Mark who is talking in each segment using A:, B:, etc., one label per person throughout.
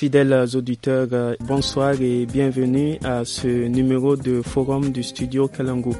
A: Fidèles auditeurs, euh, bonsoir et bienvenue à ce numéro de forum du studio Kalangu,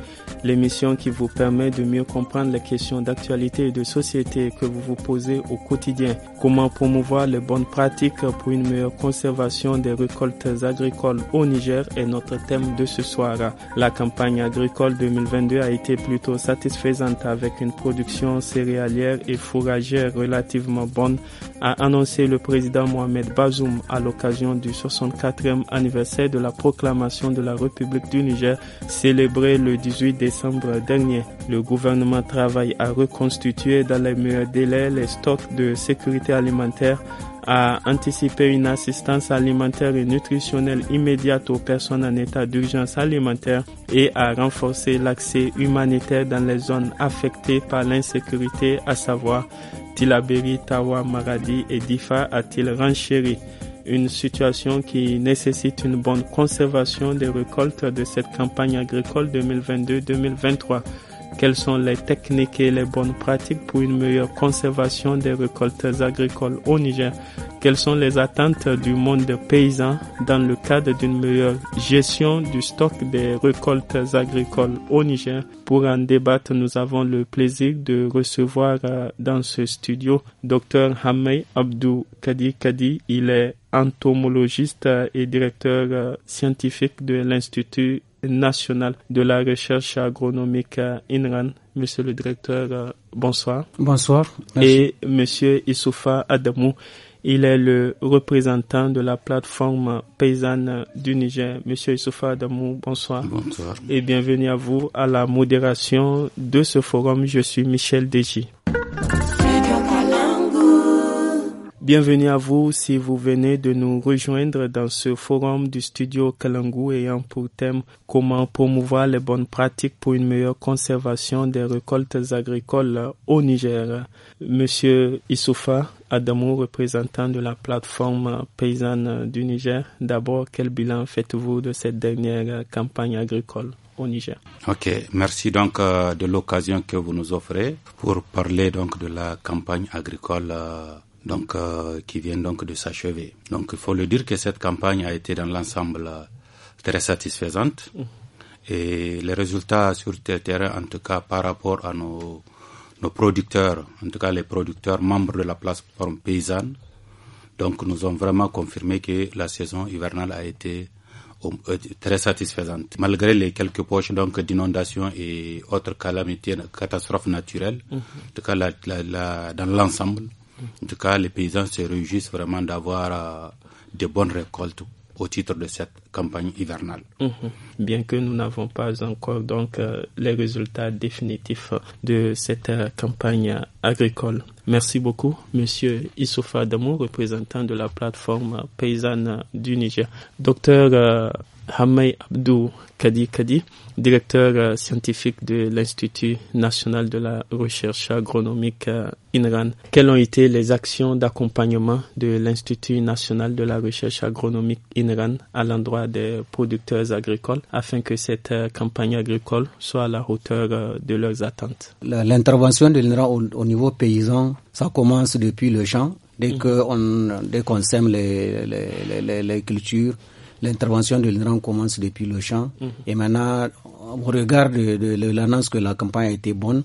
A: l'émission qui vous permet de mieux comprendre les questions d'actualité et de société que vous vous posez au quotidien. Comment promouvoir les bonnes pratiques pour une meilleure conservation des récoltes agricoles au Niger est notre thème de ce soir. La campagne agricole 2022 a été plutôt satisfaisante avec une production céréalière et fourragère relativement bonne, a annoncé le président Mohamed Bazoum à l'occasion du 64e anniversaire de la proclamation de la République du Niger célébrée le 18 décembre dernier. Le gouvernement travaille à reconstituer dans les meilleurs délais les stocks de sécurité alimentaire à anticiper une assistance alimentaire et nutritionnelle immédiate aux personnes en état d'urgence alimentaire et à renforcer l'accès humanitaire dans les zones affectées par l'insécurité, à savoir Tilaberi, Tawa, Maradi et Difa, a t une situation qui nécessite une bonne conservation des récoltes de cette campagne agricole 2022-2023. Quelles sont les techniques et les bonnes pratiques pour une meilleure conservation des récoltes agricoles au Niger Quelles sont les attentes du monde paysan dans le cadre d'une meilleure gestion du stock des récoltes agricoles au Niger Pour en débattre, nous avons le plaisir de recevoir euh, dans ce studio Dr Hamay Abdou Kadi Kadi. Il est entomologiste euh, et directeur euh, scientifique de l'Institut national de la recherche agronomique euh, INRAN. Monsieur le directeur, euh, bonsoir. Bonsoir. Et monsieur Issoufa Adamou. Il est le représentant de la plateforme paysanne du Niger. Monsieur Issoufa Adamou, bonsoir. Bonsoir. Et bienvenue à vous à la modération de ce forum. Je suis Michel Deji. Bienvenue à vous si vous venez de nous rejoindre dans ce forum du studio Kalangu ayant pour thème comment promouvoir les bonnes pratiques pour une meilleure conservation des récoltes agricoles au Niger. Monsieur Issoufa Adamou, représentant de la plateforme paysanne du Niger, d'abord quel bilan faites-vous de cette dernière campagne agricole? Au Niger.
B: Ok, merci donc euh, de l'occasion que vous nous offrez pour parler donc de la campagne agricole euh, donc euh, qui vient donc de s'achever. Donc il faut le dire que cette campagne a été dans l'ensemble euh, très satisfaisante mm-hmm. et les résultats sur le terrain, en tout cas par rapport à nos, producteurs, en tout cas les producteurs membres de la plateforme paysanne, donc nous ont vraiment confirmé que la saison hivernale a été euh, très satisfaisante. Malgré les quelques poches donc d'inondations et autres calamités, catastrophes naturelles, mm-hmm. en tout cas dans l'ensemble, en tout cas, les paysans se réjouissent vraiment d'avoir euh, de bonnes récoltes au titre de cette campagne hivernale.
A: Mhm. Bien que nous n'avons pas encore donc euh, les résultats définitifs de cette euh, campagne agricole. Merci beaucoup, Monsieur Issoufa Damou, représentant de la plateforme paysanne du Niger. Docteur Hamay Abdou Kadi Kadi, directeur euh, scientifique de l'Institut national de la recherche agronomique euh, INRAN. Quelles ont été les actions d'accompagnement de l'Institut national de la recherche agronomique INRAN à l'endroit des producteurs agricoles afin que cette euh, campagne agricole soit à la hauteur de leurs attentes
C: L'intervention de l'INRAN au, niveau paysan, ça commence depuis le champ. Dès mm. qu'on on sème les, les cultures, l'intervention de l'INRAN commence depuis le champ. Et maintenant, au regard de, l'annonce que la campagne a été bonne,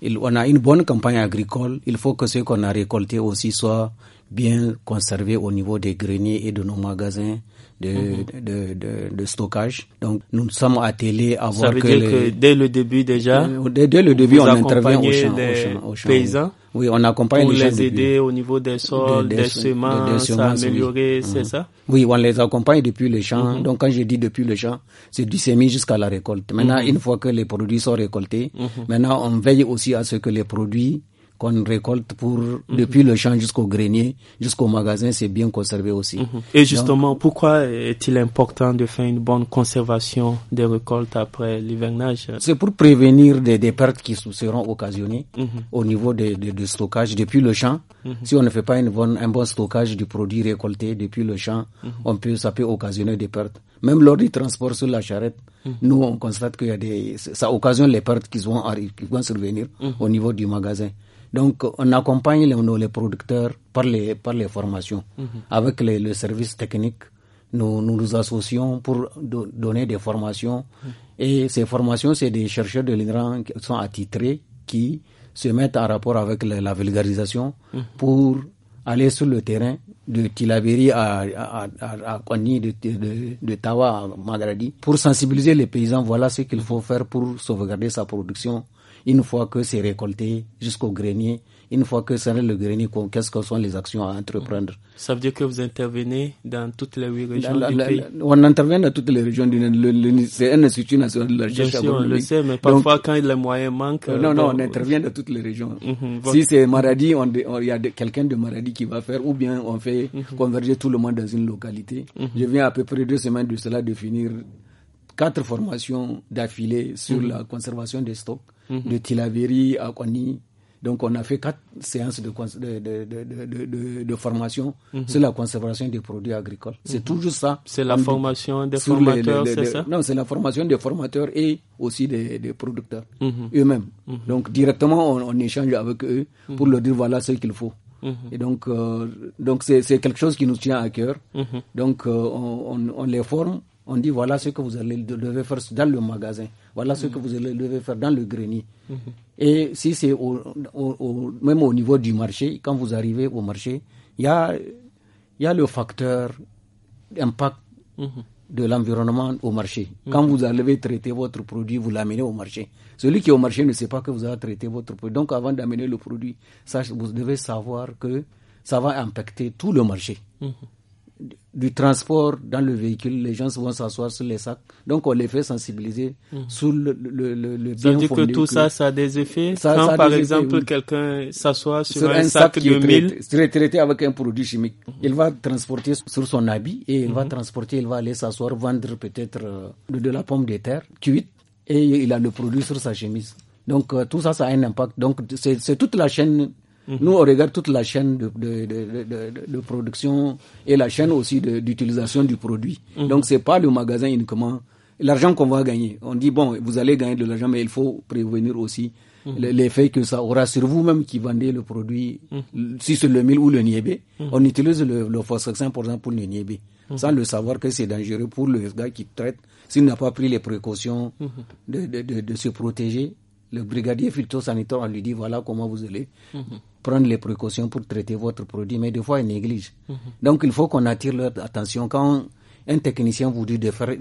C: mhm. on a une bonne campagne agricole. Il faut que ce qu'on a récolté aussi soit bien conservé au niveau des greniers et de nos magasins de, mhm. de, de, de, stockage. Donc nous sommes attelés à voir que... Ça dire que dès le début déjà, euh, dès, le début on intervient aux au champ, paysans oui. on accompagne pour les,
A: aider au niveau des sols, des, semences, améliorer, mhm. c'est ça
C: Oui, on les accompagne depuis le champ. Mhm. Donc quand je dis depuis le champ, c'est du semis jusqu'à la récolte. Maintenant, une fois que les produits sont récoltés, maintenant on veille aussi à ce que les produits qu'on récolte pour mhm. depuis le champ jusqu'au grenier, jusqu'au magasin, c'est bien conservé aussi. Mhm. Et justement, pourquoi est-il important de faire une bonne conservation des récoltes après l'hivernage C'est pour prévenir des, pertes qui seront occasionnées mhm. au niveau du de, stockage depuis le champ. Si on ne fait pas une bonne, un bon stockage du produit récolté depuis le champ, on peut, ça peut occasionner des pertes. Même lors du transport sur la charrette, nous on constate qu'il des, ça occasionne les pertes qui vont, qui vont survenir au niveau du magasin. Donc, on accompagne les, producteurs par les, par les formations. Mhm. Avec les, service services techniques, nous, nous, nous associons pour donner des formations. Mhm. Et ces formations, c'est des chercheurs de l'Iran qui sont attitrés, qui se mettent en rapport avec la, vulgarisation mhm. pour aller sur le terrain de Tilaberi à, à, à, à de, de, Tawa à Magradi, pour sensibiliser les paysans. Voilà ce qu'il faut faire pour sauvegarder sa production une fois que c'est récolté jusqu'au grenier, une fois que c'est le grenier, qu'est-ce que sont les actions à entreprendre
A: Ça veut dire que vous intervenez dans toutes les régions du pays On
C: intervient dans toutes les régions du C'est un institut national de la recherche on le sait, mais parfois quand les moyens manquent... Euh, non, non, on intervient dans toutes les régions. Mhm, si c'est maladie, il y a quelqu'un de maladie qui va faire, ou bien on fait mhm. converger tout le monde dans une localité. Mhm. Je viens à peu près deux semaines de cela de finir quatre formations d'affilée sur mhm. la conservation des stocks, mhm. de Tilaveri à Kwani. Donc, on a fait quatre séances de, de, de, de formation mhm. sur la conservation des produits agricoles. C'est toujours ça. C'est la formation des formateurs, c'est ça Non, c'est la formation des formateurs et aussi des, producteurs eux-mêmes. Donc, directement, on, échange avec eux pour leur dire voilà ce qu'il faut. Et donc, euh, donc c'est quelque chose qui nous tient à cœur. Donc, euh, on, on, les forme on dit voilà ce que vous allez devez faire dans le magasin, voilà ce que mm-hmm. vous allez devez faire dans le grenier. Mm-hmm. Et si c'est au, même au niveau du marché, quand vous arrivez au marché, il y a, y a le facteur d'impact mm-hmm. de l'environnement au marché. Quand vous allez traiter votre produit, vous l'amenez au marché. Celui qui est au marché ne sait pas que vous avez traité votre produit. Donc avant d'amener le produit, vous devez savoir que ça va impacter tout le marché du transport dans le véhicule, les gens vont s'asseoir sur les sacs. Donc on les fait sensibiliser mhm. sur le, le, le, le dire que tout ça, ça a des effets. Ça, Quand par exemple
A: quelqu'un s'assoit sur, un, sac, de mille,
C: traité, traité avec un produit chimique, mhm. il va transporter sur son habit et il va mhm. transporter, il va aller s'asseoir vendre peut-être euh, de, la pomme de terre cuite et il a le produit sur sa chemise. Donc euh, tout ça, ça a un impact. Donc c'est toute la chaîne nous, on regarde toute la chaîne de, de, de, production et la chaîne aussi d'utilisation du produit. Mhm. Donc, c'est pas le magasin uniquement. L'argent qu'on va gagner. On dit, bon, vous allez gagner de l'argent, mais il faut prévenir aussi mhm. l'effet que ça aura sur vous-même qui vendez le produit, mhm. si c'est le mil ou le niébé. On utilise le, le phosphoxin, par exemple, pour le niébé, sans le savoir que c'est dangereux pour le gars qui traite s'il n'a pas pris les précautions de, de, de se protéger le brigadier phytosanitaire, on lui dit voilà comment vous allez prendre les précautions pour traiter votre produit, mais des fois il néglige. Donc il faut qu'on attire leur attention quand un technicien vous dit de faire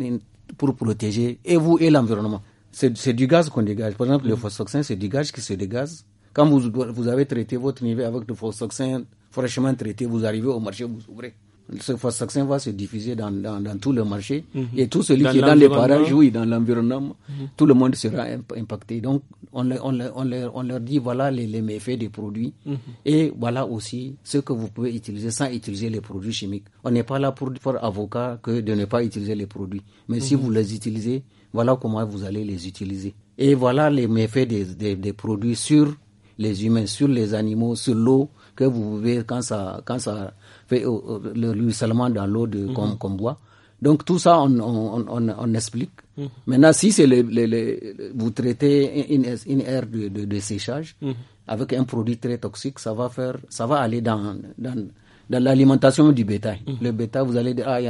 C: pour protéger et vous et l'environnement. C'est du gaz qu'on dégage. Par exemple, le mhm. phosphoxyne, c'est du gaz qui se dégage. Quand vous, avez traité votre niveau avec le phosphoxyne fraîchement traité, vous arrivez au marché, vous ouvrez ce vaccin va se diffuser dans, dans, tout le marché. Mhm. Et tout celui qui est dans les parages, ou dans l'environnement, mhm. tout le monde sera impacté. Donc, on, on, on, leur, on leur, dit voilà les, méfaits des produits mhm. et voilà aussi ce que vous pouvez utiliser sans utiliser les produits chimiques. On n'est pas là pour faire avocat que de ne pas utiliser les produits. Mais si vous les utilisez, voilà comment vous allez les utiliser. Et voilà les méfaits des, des, des produits sur les humains, sur les animaux, sur l'eau que vous buvez quand ça, quand ça fait euh, euh, le ruissellement dans l'eau de qu'on mhm. boit. Donc tout ça, on, on, on, explique. Mhm. Maintenant, si vous traitez une, une aire de, de, séchage mhm. avec un produit très toxique, ça va faire, ça va aller dans, dans, dans l'alimentation du bétail. Le bétail, vous allez dire, ah,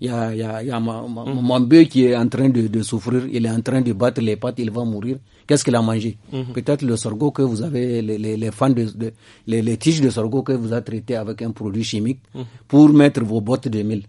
C: il y a, y a, y a ma, hum. mon bœuf qui est en train de, souffrir, il est en train de battre les pattes, il va mourir. Qu'est-ce qu'il a mangé hum. Peut-être le sorgho que vous avez, les, les, les fans de, les, tiges de sorgho que vous avez traitées avec un produit chimique hum. pour mettre vos bottes de mille.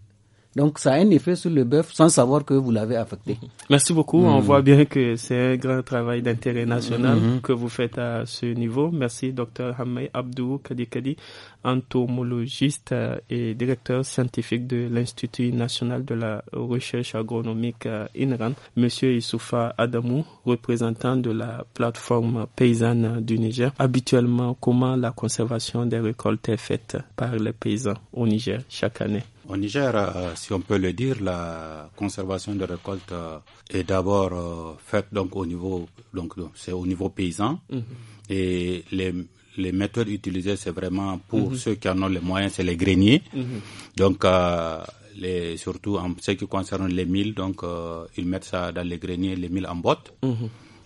C: Donc ça a un effet sur le bœuf sans savoir que vous l'avez affecté. Merci beaucoup. On hmm. voit
A: bien que c'est un grand travail d'intérêt national hmm. que vous faites à ce niveau. Merci, Dr Hamay Abdou Kadikadi, entomologiste euh, et directeur scientifique de l'Institut national de la recherche agronomique euh, INRAN. Monsieur Issoufa Adamou, représentant de la plateforme paysanne du Niger. Habituellement, comment la conservation des récoltes est faite par les paysans au Niger chaque année?
B: Au Niger, euh, si on peut le dire, la conservation de récoltes euh, est d'abord euh, faite donc au niveau donc c'est au niveau paysan mhm. et les, méthodes utilisées, c'est vraiment pour mhm. ceux qui en ont les moyens, c'est les greniers. Mhm. Donc, les, surtout en ce qui concerne les milles, donc ils mettent ça dans les greniers, les milles en botte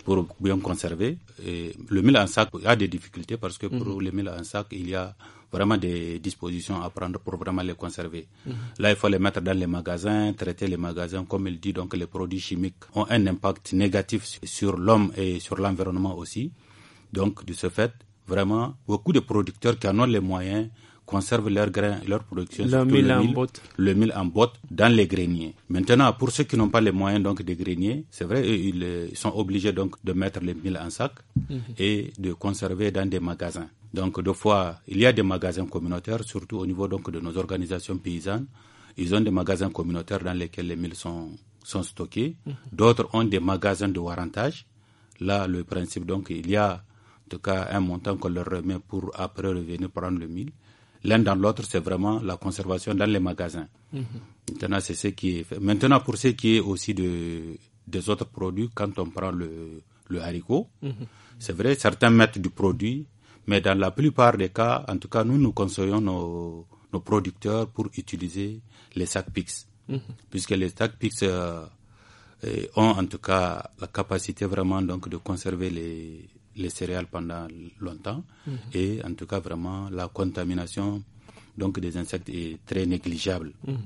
B: pour bien conserver. Et le mille en sac il y a des difficultés parce que pour le mille en sac, il y a vraiment des dispositions à prendre pour vraiment les conserver. Là, il faut les mettre dans les magasins, traiter les magasins. Comme il dit, donc les produits chimiques ont un impact négatif sur l'homme et sur l'environnement aussi. Donc, de ce fait, vraiment, beaucoup de producteurs qui en ont les moyens conservent leurs grains, leur production, le mil le, en botte. le mil en botte dans les greniers. Maintenant, pour ceux qui n'ont pas les moyens donc des greniers, c'est vrai, ils euh, sont obligés donc de mettre le mil en sac mhm. et de conserver dans des magasins. Donc, deux fois, il y a des magasins communautaires, surtout au niveau donc de nos organisations paysannes. Ils ont des magasins communautaires dans lesquels les milles sont, sont stockés. Mhm. D'autres ont des magasins de warrantage. Là, le principe, donc, il y a en tout cas un montant qu'on leur remet pour après revenir prendre le mille. L'un dans l'autre, c'est vraiment la conservation dans les magasins. Mhm. Maintenant, c'est ce qui est Maintenant, pour ce qui est aussi de, des autres produits, quand on prend le, le haricot, mhm. c'est vrai, certains mettent du produit mais dans la plupart des cas, en tout cas, nous, nous conseillons nos, nos producteurs pour utiliser les sacs PIX. Mhm. Puisque les sacs PIX euh, euh, ont en tout cas la capacité vraiment donc de conserver les, les céréales pendant longtemps. Mhm. Et en tout cas, vraiment, la contamination donc des insectes est très négligeable. Mhm.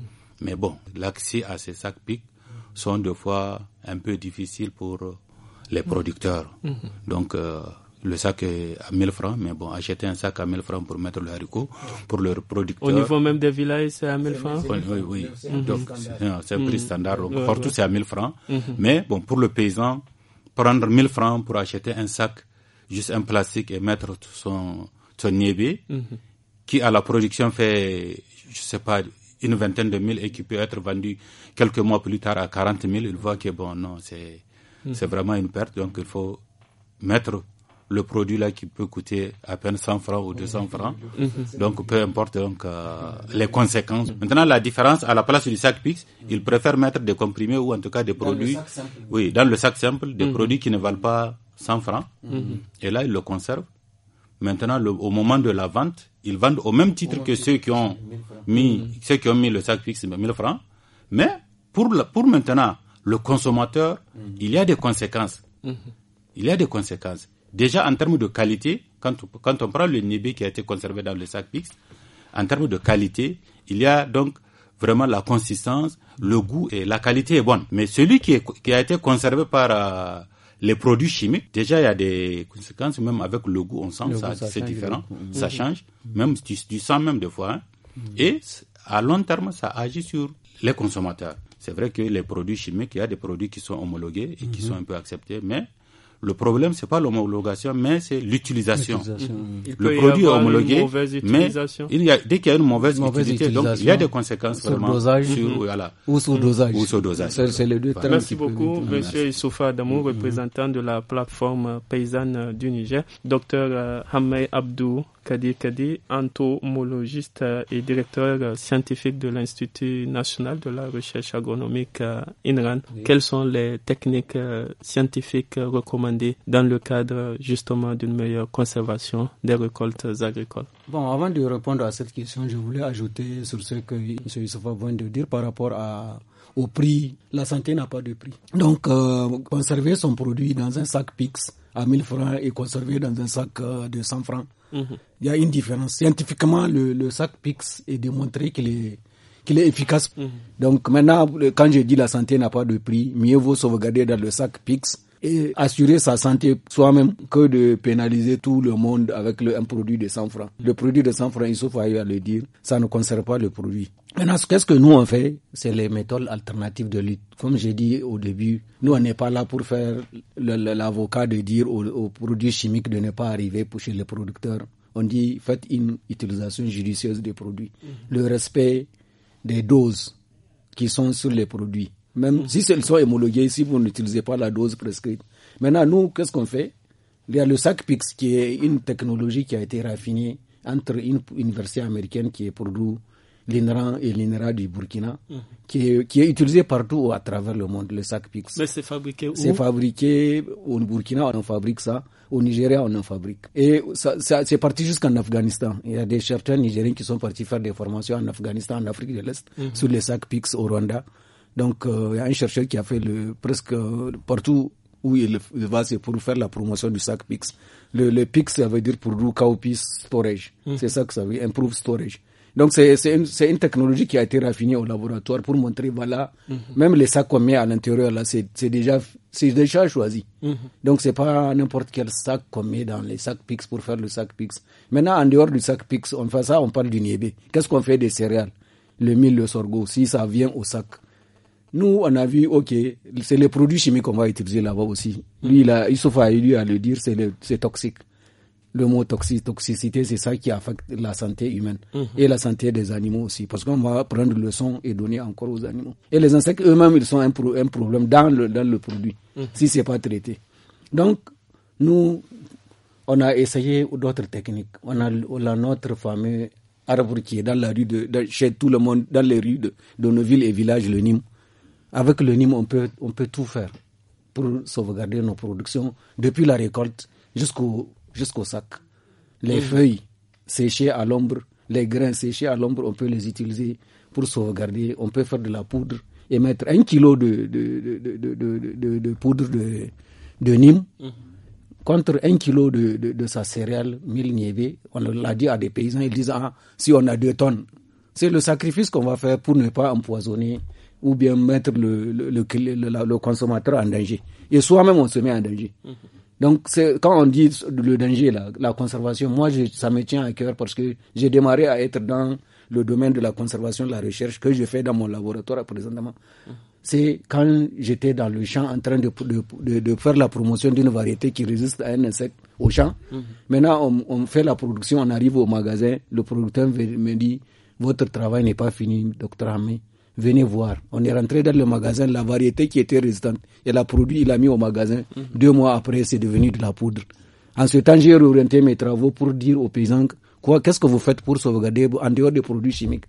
B: Mais bon, l'accès à ces sacs PIX sont des fois un peu difficiles pour les producteurs. Donc, euh, le sac est à 1000 francs, mais bon, acheter un sac à 1000 francs pour mettre le haricot, pour le producteur. Au niveau
A: même des villages, c'est à 1000 francs Oui, oui. Donc, c'est un prix mm. standard. Donc, tout, partout, c'est à 1000 francs. Mm-hmm.
B: Mais bon, pour le paysan, prendre 1000 francs pour acheter un sac, juste un plastique et mettre son, son mm-hmm. qui à la production fait, je ne sais pas, une vingtaine de mille et qui peut être vendu quelques mois plus tard à 40 000, il voit que bon, non, c'est, mm-hmm. c'est vraiment une perte. Donc, il faut mettre le produit là qui peut coûter à peine 100 francs ou 200 francs. Mhm. Mhm. Donc peu importe donc euh, les conséquences. Maintenant la différence à la place du sac Pix, mhm. ils préfèrent mettre des comprimés ou en tout cas des produits oui, dans le sac simple des produits qui ne valent pas 100 francs. Et là ils le conservent. Maintenant au moment de la vente, ils vendent au même titre que ceux qui ont mis ceux qui ont mis le sac Pix 1000 francs, mais pour pour maintenant le consommateur, il y a des conséquences. Il y a des conséquences. Déjà en termes de qualité, quand, on prend le nibé qui a été conservé dans le sac Pix, en termes de qualité, il y a donc vraiment la consistance, le goût et la qualité est bonne. Mais celui qui, a été conservé par euh, les produits chimiques, déjà il y a des conséquences, même avec le goût, on sent que ça, c'est différent, ça mm-hmm. change, même du, sang même des fois. Hein. Mm-hmm. Et à long terme, ça agit sur les consommateurs. C'est vrai que les produits chimiques, il y a des produits qui sont homologués et qui mm-hmm. sont un peu acceptés, mais le problème, c'est pas l'homologation, mais c'est l'utilisation. Mm-hmm. Le produit est homologué, mais il y a, dès qu'il y a une mauvaise, utilisation, utilité, donc il y a des conséquences sur vraiment dosage, sur, mm-hmm. mm-hmm. ou sur dosage. dosage.
C: C'est les deux Merci beaucoup,
A: Monsieur Issoufa Adamou, représentant de la plateforme paysanne du Niger, Docteur euh, Hamay Abdou, Kadir Kadir, entomologiste et directeur scientifique de l'Institut national de la recherche agronomique euh, INRAN. Quelles sont les techniques euh, scientifiques recommandées dans le cadre justement d'une meilleure conservation des récoltes agricoles
C: Bon, avant de répondre à cette question, je voulais ajouter sur ce que M. Yusufa vient de dire par rapport à au prix. La santé n'a pas de prix. Donc, euh, conserver son produit dans un sac PIX, à 1000 francs et conservé dans un sac euh, de 100 francs. Mhm. Il y a une différence. Scientifiquement, le, sac PIX est démontré qu'il est, qu'il est efficace. Mhm. Donc maintenant, quand je dis la santé n'a pas de prix, mieux vaut sauvegarder dans le sac PIX et assurer sa santé soi-même que de pénaliser tout le monde avec le, un produit de 100 francs. Le produit de 100 francs, il faut à le dire, ça ne concerne pas le produit. Maintenant, qu'est-ce que nous on fait C'est les méthodes alternatives de lutte. Comme j'ai dit au début, nous on n'est pas là pour faire l'avocat de dire aux, produits chimiques de ne pas arriver pour chez les producteurs. On dit faites une utilisation judicieuse des produits. Mhm. Le respect des doses qui sont sur les produits même si elles sont homologuées, si vous n'utilisez pas la dose prescrite. Maintenant, nous, qu'est-ce qu'on fait Il y a le SACPIX qui est une technologie qui a été raffinée entre une université américaine qui est pour nous l'INRA et l'INRA du Burkina, mhm. qui, est, utilisée partout à travers le monde, le SACPIX.
A: Mais c'est fabriqué où C'est
C: fabriqué au Burkina, on en fabrique ça. Au Nigeria, on en fabrique. Et c'est parti jusqu'en Afghanistan. Il y a des chercheurs nigériens qui sont partis faire des formations en Afghanistan, en Afrique de l'Est, mhm. sur les SACPIX au Rwanda. Donc, il euh, y a un chercheur qui a fait le, presque euh, partout où il, va, c'est pour faire la promotion du sac PIX. Le, PIX, ça veut dire pour nous Kaopis Storage. Mmh. C'est ça que ça veut dire, Improve Storage. Donc, c'est une, une, technologie qui a été raffinée au laboratoire pour montrer, voilà, mmh. même les sacs qu'on met à l'intérieur, là, c'est déjà, déjà choisi. Donc, mmh. Donc, c'est pas n'importe quel sac qu'on met dans les sacs PIX pour faire le sac PIX. Maintenant, en dehors du sac PIX, on fait ça, on parle du niébé. Qu'est-ce qu'on fait des céréales? Le mil, le sorgho, si ça vient au sac nous, on a vu, OK, c'est les produits chimiques qu'on va utiliser là-bas aussi. Lui, il a, Issouf il lui à le dire, c'est toxique. Le mot toxicité, c'est ça qui affecte la santé humaine mhm. et la santé des animaux aussi. Parce qu'on va prendre le son et donner encore aux animaux. Et les insectes eux-mêmes, ils sont un, un, problème dans le, dans le produit, mhm. si si n'est pas traité. Donc, nous, on a essayé d'autres techniques. On a, notre fameux arbre qui est dans la rue de, chez tout le monde, dans les rues de, de nos villes et villages, le Nîmes. Avec le Nîmes, on peut, on peut tout faire pour sauvegarder nos productions, depuis la récolte jusqu'au sac. Les feuilles séchées à l'ombre, les grains séchés à l'ombre, on peut les utiliser pour sauvegarder. On peut faire de la poudre et mettre un kilo de, de, poudre de, de Nîmes mhm. contre un kilo de, sa céréale, mille niévé. On l'a dit à des paysans, ils disent Ah, si on a deux tonnes, c'est le sacrifice qu'on va faire pour ne pas empoisonner ou bien mettre le, le, consommateur en danger. Et soi-même, on se met en danger. Donc, quand on dit le danger, la, la conservation, moi, ça me tient à cœur parce que j'ai démarré à être dans le domaine de la conservation, de la recherche que je fais dans mon laboratoire présentement. C'est quand j'étais dans le champ en train de, de, de, faire la promotion d'une variété qui résiste à un insecte au champ. Maintenant, on, fait la production, on arrive au magasin, le producteur me dit, votre travail n'est pas fini, docteur Ami venez voir. On est rentré dans le magasin, la variété qui était résistante, Et a produit, il a mis au magasin. Mhm. Deux mois après, c'est devenu de la poudre. En ce temps, j'ai réorienté mes travaux pour dire aux paysans, quoi, qu'est-ce que vous faites pour sauvegarder en dehors des produits chimiques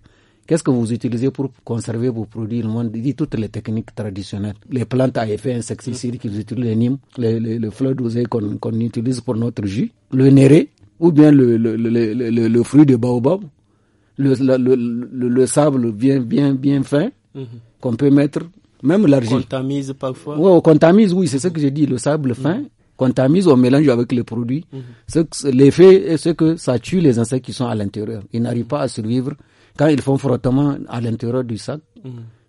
C: Qu'est-ce que vous utilisez pour conserver vos produits dit toutes les techniques traditionnelles. Les plantes à effet insecticide mhm. qu'ils utilisent, les nîmes, le, le, fleur d'oseille qu'on utilise pour notre jus, le néré, ou bien le, le, le, le, fruit de baobab, le, le, le, sable bien, bien, bien fin mhm. qu'on peut mettre, même l'argile. Contamise parfois. Oui, on contamise, oui, c'est ce que j'ai dit, le sable fin. Mhm. Contamise, on mélange avec les produits. Mhm. L'effet est ce que ça tue les insectes qui sont à l'intérieur. Ils n'arrivent pas à survivre. Quand ils font frottement à l'intérieur du sac,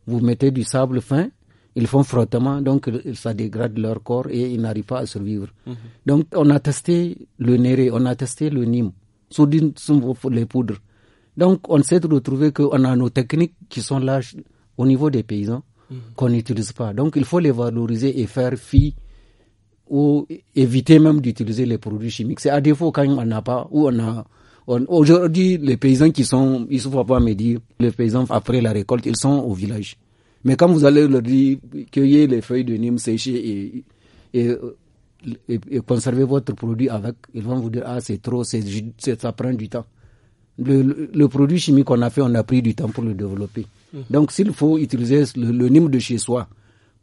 C: vous mettez du sable fin, ils font frottement, donc ça dégrade leur corps et ils n'arrivent pas à survivre. Donc on a testé le néré, on a testé le nîmes, sur les poudres. Donc, on s'est retrouvé qu'on a nos techniques qui sont là au niveau des paysans, mhm. qu'on n'utilise pas. Donc, il faut les valoriser et faire fi ou éviter même d'utiliser les produits chimiques. C'est à défaut quand on n'a pas, ou on a. Aujourd'hui, les paysans qui sont, ils ne pas me dire, les paysans après la récolte, ils sont au village. Mais quand vous allez leur dire, cueillez les feuilles de nîmes séchées et, et, et conservez votre produit avec, ils vont vous dire, ah, c'est trop, ça prend du temps le, le, produit chimique qu'on a fait, on a pris du temps pour le développer. Mmh. Donc s'il faut utiliser le, le nîmes de chez soi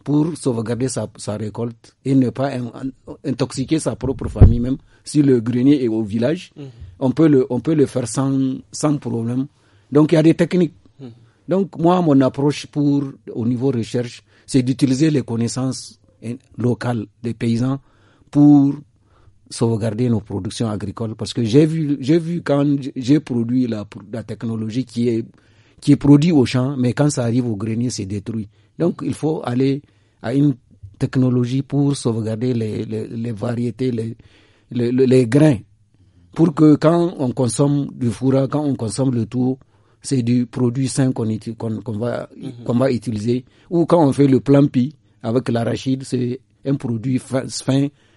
C: pour sauvegarder sa, sa récolte et ne pas intoxiquer sa propre famille même, si le grenier est au village, mmh. on, peut le, on peut le faire sans, sans problème. Donc il y a des techniques. Mmh. Donc moi, mon approche pour, au niveau recherche, c'est d'utiliser les connaissances locales des paysans pour sauvegarder nos productions agricoles parce que j'ai vu j'ai vu quand j'ai produit la, technologie qui est qui est produit au champ mais quand ça arrive au grenier c'est détruit donc il faut aller à une technologie pour sauvegarder les, les, les variétés les, les, grains pour que quand on consomme du fourrage quand on consomme le tout c'est du produit sain qu'on qu'on va mhm. qu'on va utiliser ou quand on fait le plan avec l'arachide c'est un produit fin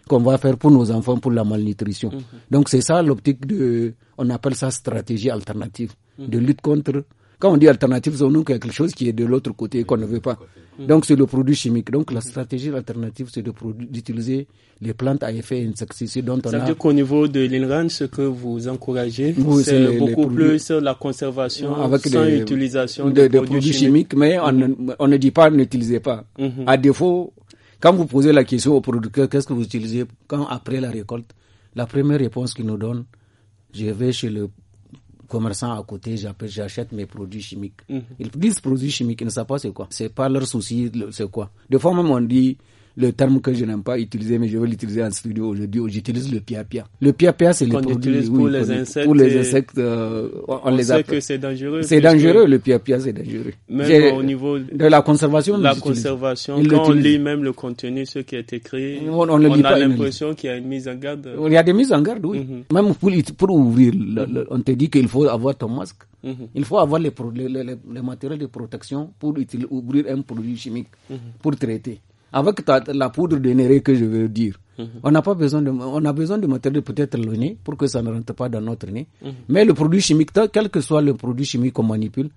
C: qu'on va faire pour nos enfants pour la malnutrition. Mhm. Donc c'est ça l'optique de, on appelle ça stratégie alternative de lutte contre. Quand on dit alternative, c'est donc quelque chose qui est de l'autre côté qu'on ne veut pas. Mhm. Donc c'est le produit chimique. Donc la stratégie alternative, c'est d'utiliser les plantes à effet insecticide dont on a. Ça veut dire qu'au niveau
A: de l'INRAN, ce que vous encouragez, c'est beaucoup plus la conservation Avec sans l'utilisation de, produits, chimiques.
C: mais on, on, ne dit pas n'utilisez pas. Mhm. À défaut, quand vous posez la question au producteur, qu'est-ce que vous utilisez quand après la récolte La première réponse qu'ils nous donnent, je vais chez le commerçant à côté, j'achète mes produits chimiques. Mhm. Ils disent produits chimiques, ils ne savent pas c'est quoi. C'est pas leur souci, c'est quoi. Des fois même on dit le terme que je n'aime pas utiliser, mais je vais l'utiliser en studio aujourd'hui. J'utilise le pia-pia. Le pia-pia, c'est le produit pour, les insectes pour les insectes. Euh, on, on, les appelle. que c'est dangereux. C'est dangereux, le pia-pia, c'est dangereux. Même au niveau de la conservation. La conservation, quand on lit
A: même le contenu, ce qui est écrit, on, on, a l'impression qu'il y a une mise en garde. Il y a des mises en garde, oui. Mhm.
C: Même pour, pour ouvrir, on te dit qu'il faut avoir ton masque. Mhm. Il faut avoir les, les, les, les matériaux de protection pour ouvrir un produit chimique, mhm. pour traiter avec la poudre de néré que je veux dire. Mhm. On n'a pas besoin de, on a besoin de matériel peut-être le nez pour que ça ne rentre pas dans notre nez. Mhm. Mais le produit chimique, quel que soit le produit chimique qu'on manipule,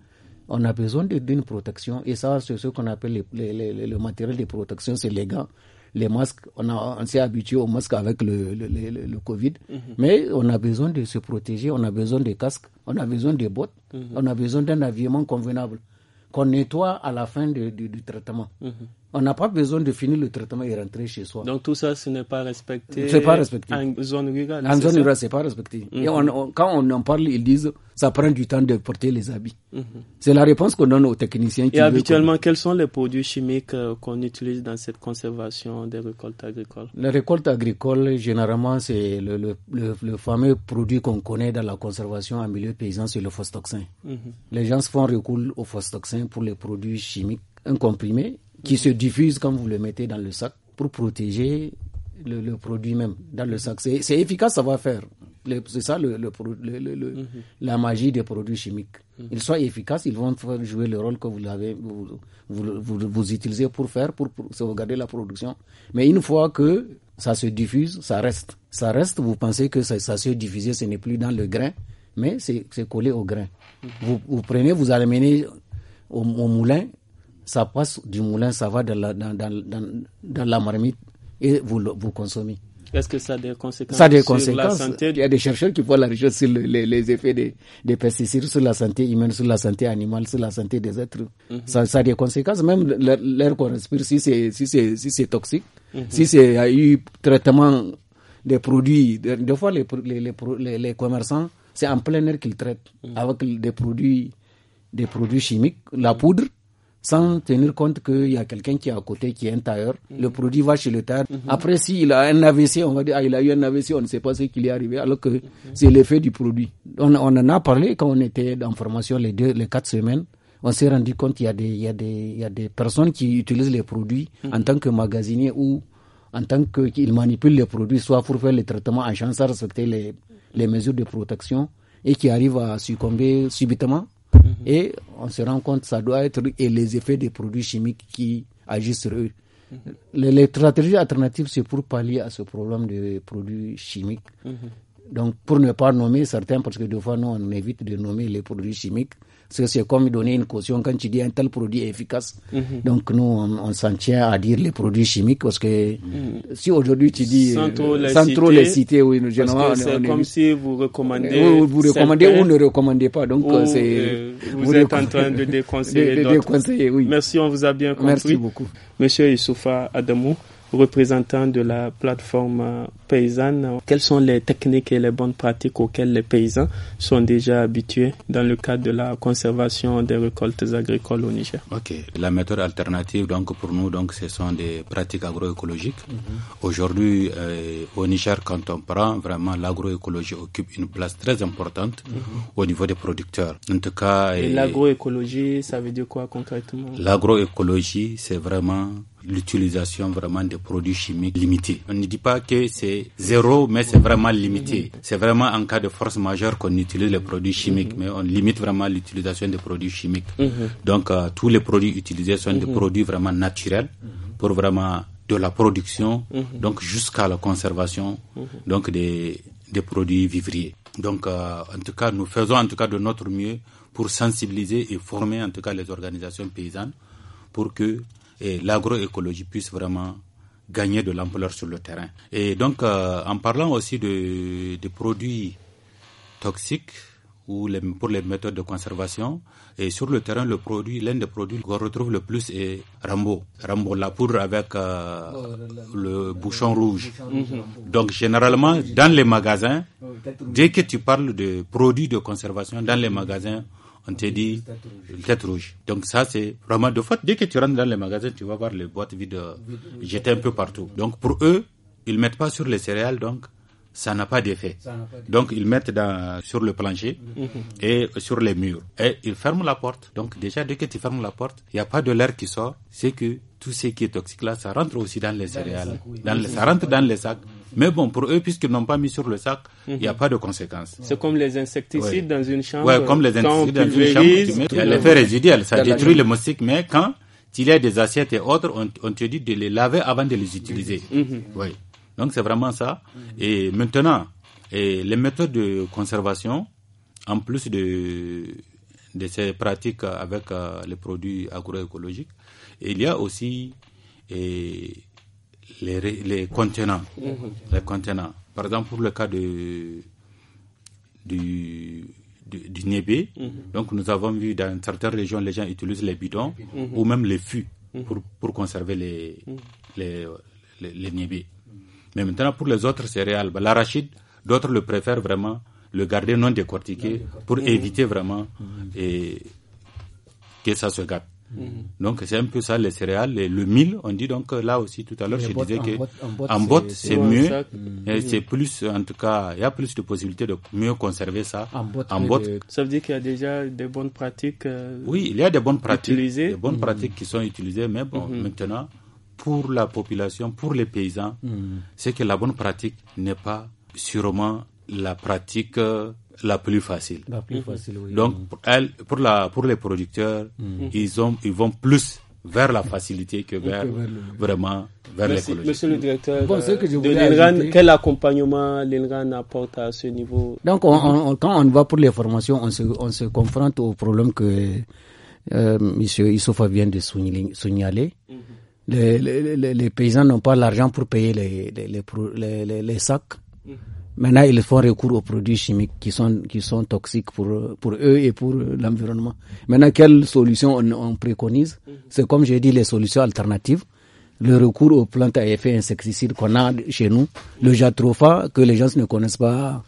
C: on a besoin d'une protection. Et ça, c'est ce qu'on appelle le matériel de protection, c'est les gants les masques, on, on s'est habitué aux masques avec le, le, le, Covid, mhm. mais on a besoin de se protéger, on a besoin de casques, on a besoin de bottes, on a besoin d'un habillement convenable qu'on nettoie à la fin du traitement. On n'a pas besoin de finir le traitement et rentrer chez soi.
A: Donc tout ça, ce n'est pas respecté. C'est pas respecté. En zone En zone n'est pas respecté. Et mhm.
C: quand on en parle, ils disent ça prend du temps de porter les habits. Mhm. C'est la réponse qu'on donne aux techniciens. Qui et habituellement,
A: quels sont les produits chimiques euh, qu'on utilise dans cette conservation des récoltes agricoles
C: Les récoltes agricoles, généralement, c'est le, fameux produit qu'on connaît dans la conservation en milieu paysan, c'est le phostoxin. Mhm. Les gens se font recours au phostoxin pour les produits chimiques incomprimés qui se diffuse quand vous le mettez dans le sac pour protéger le, produit même dans le sac. C'est efficace, ça va faire. C'est ça le, mhm. la magie des produits chimiques. Mhm. Ils sont efficaces, ils vont jouer le rôle que vous, avez, vous, vous, vous, utilisez pour faire, pour, pour, sauvegarder la production. Mais une fois que ça se diffuse, ça reste. Ça reste, vous pensez que ça, se diffuse... ce n'est plus dans le grain, mais c'est collé au grain. Mhm. Vous, prenez, vous allez mener au moulin, ça passe du moulin, ça va dans la, dans, dans, la marmite et vous, vous consommez. Est-ce que ça a des conséquences Ça des conséquences. la santé Il y a des chercheurs qui font la recherche sur les, les, effets des, des, pesticides sur la santé humaine, sur la santé animale, sur la santé des êtres. Mhm. ça, a des conséquences. Même l'air qu'on respire, si c'est si si toxique, si c'est mhm. a eu traitement des produits, des fois les, les, les commerçants, c'est en plein air qu'ils traitent mhm. avec des produits, des produits chimiques, la poudre sans tenir compte qu'il y a quelqu'un qui est à côté, qui est un tailleur. Mhm. Le produit va chez le tailleur. Mhm. Après, s'il a un AVC, on va dire, ah, il a eu un AVC, on ne sait pas ce qui lui est arrivé, alors que mhm. c'est l'effet du produit. On, en a parlé quand on était en formation les deux, les quatre semaines. On s'est rendu compte qu'il y, a des, il y, a des, il y a des personnes qui utilisent les produits en tant que magasinier ou en tant qu'ils manipulent les produits, soit pour faire les traitements en chance à respecter les mesures de protection et qui arrivent à succomber subitement Mhm. Et on se rend compte, que ça doit être et les effets des produits chimiques qui agissent sur eux. Mhm. les, stratégies alternatives, c'est pour pallier à ce problème des produits chimiques. Mhm. Donc, pour ne pas nommer certains, parce que des fois, nous, on évite de nommer les produits chimiques que c'est comme donner une caution quand tu dis un tel produit est efficace. Mhm. Donc nous, on, s'en tient à dire les produits chimiques parce que mhm. si aujourd'hui tu dis sans trop euh, les, citer, C'est comme si vous recommandez. vous recommandez ou ne recommandez pas. Donc euh, vous, êtes en train de déconseiller. de,
A: Merci, on vous a bien compris. Merci beaucoup. Monsieur Isoufa Adamou représentant de la plateforme euh, paysanne, quelles sont les techniques et les bonnes pratiques auxquelles les paysans sont déjà habitués dans le cadre de la conservation des récoltes agricoles au Niger Ok,
B: la méthode alternative donc pour nous donc ce sont des pratiques agroécologiques. Mhm. Aujourd'hui euh, au Niger quand on prend vraiment l'agroécologie occupe une place très importante mhm. au niveau des producteurs. En tout cas,
A: l'agroécologie ça veut dire quoi concrètement
B: L'agroécologie c'est vraiment l'utilisation vraiment des produits chimiques limités. On ne dit pas que c'est zéro, mais c'est vraiment limité. C'est vraiment en cas de force majeure qu'on utilise les produits chimiques, mais on limite vraiment l'utilisation des produits chimiques. Mhm. Donc euh, tous les produits utilisés sont des mhm. produits vraiment naturels pour vraiment de la production, mhm. donc jusqu'à la conservation, donc des, des produits vivriers. Donc, euh, en tout cas, nous faisons en tout cas de notre mieux pour sensibiliser et former en tout cas les organisations paysannes pour que et l'agroécologie puisse vraiment gagner de l'ampleur sur le terrain. Et donc, euh, en parlant aussi de, produits toxiques ou les, pour les méthodes de conservation, et sur le terrain, le produit, l'un des produits qu'on retrouve le plus est Rambo. Rambo, la poudre avec euh, le, bouchon rouge. Donc, généralement, dans les magasins, dès que tu parles de produits de conservation, dans les magasins, on te dit tête rouge. Donc ça, c'est vraiment de faute. Dès que tu rentres dans les magasins, tu vas voir les boîtes vides euh, jetées un peu partout. Donc pour eux, ils mettent pas sur les céréales, donc ça n'a pas d'effet. Donc ils mettent dans, sur le plancher mhm. et sur les murs. Et ils ferment la porte. Donc déjà, dès que tu fermes la porte, il n'y a pas de l'air qui sort. C'est que tout ce qui est toxique là, ça rentre aussi dans les céréales. dans ça rentre dans les sacs. Mais bon, pour eux, puisqu'ils n'ont pas mis sur le sac, il n'y a mhm. pas de conséquences. C'est comme les insecticides dans une chambre. Oui, comme les insecticides dans une chambre. mets, il y a l'effet résiduel, ça détruit le moustiques. mais quand il y a des assiettes et autres, on, te dit de les laver avant de les utiliser. Mhm. Oui. Donc c'est vraiment ça. Et maintenant, et les méthodes de conservation, en plus de, de ces pratiques avec euh, les produits agroécologiques, il y a aussi et, les, les contenants. Mhm. Les contenants. Par exemple, pour le cas de, du, du, mhm. donc nous avons vu dans certaines régions, les gens utilisent les bidons mhm. ou même les fûts pour, conserver les, les, les, Mais maintenant, pour les autres céréales, bah, l'arachide, d'autres le préfèrent vraiment le garder non décortiqué, pour éviter vraiment et, que ça se gâte. Mm-hmm. Donc c'est un peu ça les céréales le mil. On dit donc là aussi tout à l'heure je disais que en botte c'est mieux, mm-hmm. c'est plus en tout cas il y a plus de possibilités de mieux conserver ça en botte.
A: Ça veut dire qu'il y a déjà des bonnes pratiques. Euh,
B: oui, il y a des bonnes pratiques, bonnes mm-hmm. pratiques qui sont utilisées, mais bon maintenant pour la population, pour les paysans, c'est que la bonne pratique n'est pas sûrement la pratique euh, la plus facile. facile Donc, pour, elle, pour, la, pour les producteurs, mm. ils, ont, vont plus vers la facilité que vers, vraiment vers l'écologie.
A: Monsieur le directeur, euh, quel accompagnement l'INRAN apporte à ce niveau Donc, quand
C: on va pour les formations, on se, on se confronte au problème que euh, Monsieur Issoufa vient de signaler. Mm-hmm. les, paysans n'ont pas l'argent pour payer les, les, sacs. Mm-hmm. Maintenant, ils font recours aux produits chimiques qui sont, qui sont toxiques pour, pour eux et pour l'environnement. Maintenant, quelles solutions on, préconise mhm. C'est comme j'ai dit, les solutions alternatives. Le recours aux plantes à effet insecticide qu'on a chez nous, le jatropha que les gens ne connaissent pas,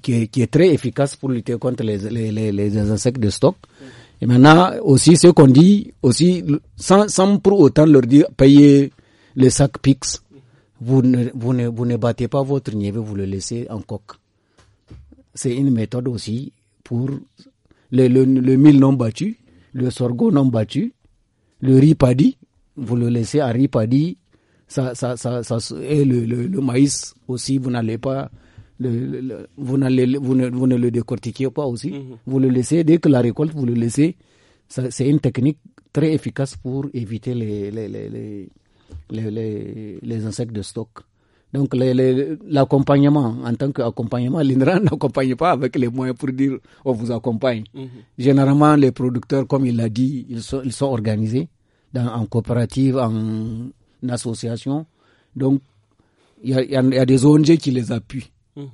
C: qui, est, qui, est, très efficace pour lutter contre les, les, les, insectes de stock. Mhm. Et maintenant, aussi, ce qu'on dit, aussi, sans, sans pour autant leur dire payer les sacs PIX vous ne, vous ne, vous ne battez pas votre nièvre, vous le laissez en coque. C'est une méthode aussi pour le, le, le mil non battu, le sorgho non battu, le riz paddy, vous le laissez à riz paddy, ça, ça, ça, ça, et le, le, maïs aussi, vous n'allez pas, le, vous, n'allez, vous, ne, vous ne le décortiquez pas aussi. Mhm. Vous le laissez, dès que la récolte, vous le laissez. c'est une technique très efficace pour éviter les, les les, insectes de stock. Donc l'accompagnement, en tant qu'accompagnement, l'INRA n'accompagne pas avec les moyens pour dire on vous accompagne. Mhm. Généralement, les producteurs, comme il l'a dit, ils sont, organisés en coopérative, en, association. Donc, il y, a, des ONG qui les appuient mhm.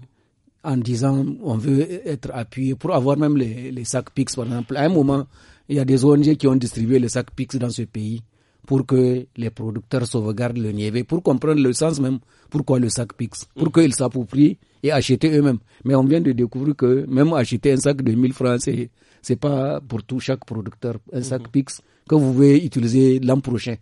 C: en disant on veut être appuyé pour avoir même les, les sacs PIX, par exemple. À un moment, il y a des ONG qui ont distribué les sacs PIX dans ce pays pour que les producteurs sauvegardent le Niévé, pour comprendre le sens même, pourquoi le sac Pix, pour mm. qu'ils s'approprient et achètent eux-mêmes. Mais on vient de découvrir que même acheter un sac de 1000 francs, c'est, n'est pas pour tout chaque producteur. Un mm-hmm. sac Pix que vous pouvez utiliser l'an prochain.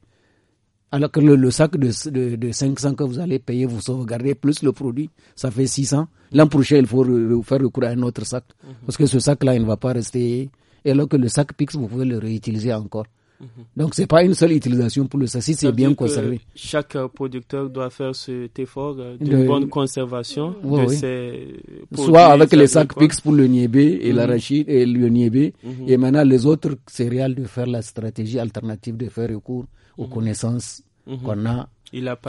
C: Alors que le, sac de, de, 500 que vous allez payer, vous sauvegardez plus le produit, ça fait 600. L'an prochain, il faut faire recours à un autre sac. Mm-hmm. Parce que ce sac-là, il ne va pas rester. Et alors que le sac Pix, vous pouvez le réutiliser encore. Mhm. Donc, ce n'est pas une seule utilisation pour le sassi, c'est bien conservé.
A: Chaque producteur doit faire cet effort euh, de bonne conservation de Ses Soit avec les sacs PIX pour le niébé et l'arachide
C: mhm. et le niébé, mhm. et maintenant les autres céréales de faire la stratégie alternative de faire recours aux connaissances qu'on a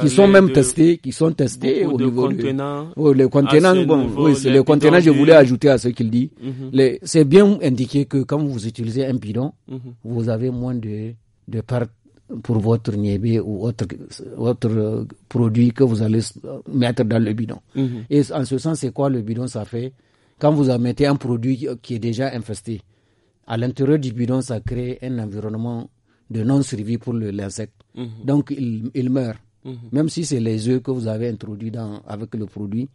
C: qui sont même testés, qui sont testés au niveau du... de, oh, les oui, c'est Je voulais ajouter à ce qu'il dit. Mhm. C'est bien indiqué que quand vous utilisez un bidon, mhm. vous avez moins de de parts pour votre niébé ou autre autre euh, produit que vous allez euh, mettre dans le bidon. Mhm. Et en ce sens, c'est quoi le bidon Ça fait quand vous mettez un produit euh, qui est déjà infesté à l'intérieur du bidon, ça crée un environnement de non-survie pour l'insecte. Donc, il meurt. Mhm. Même si c'est les œufs que vous avez introduits dans, avec le produit,